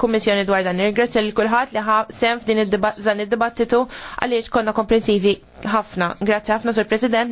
kummissjoni dwar dan nirgrazzja li kulħadd li ħa sem f'din id-dibattitu għaliex konna komprensivi ħafna. Grazzi ħafna sur President.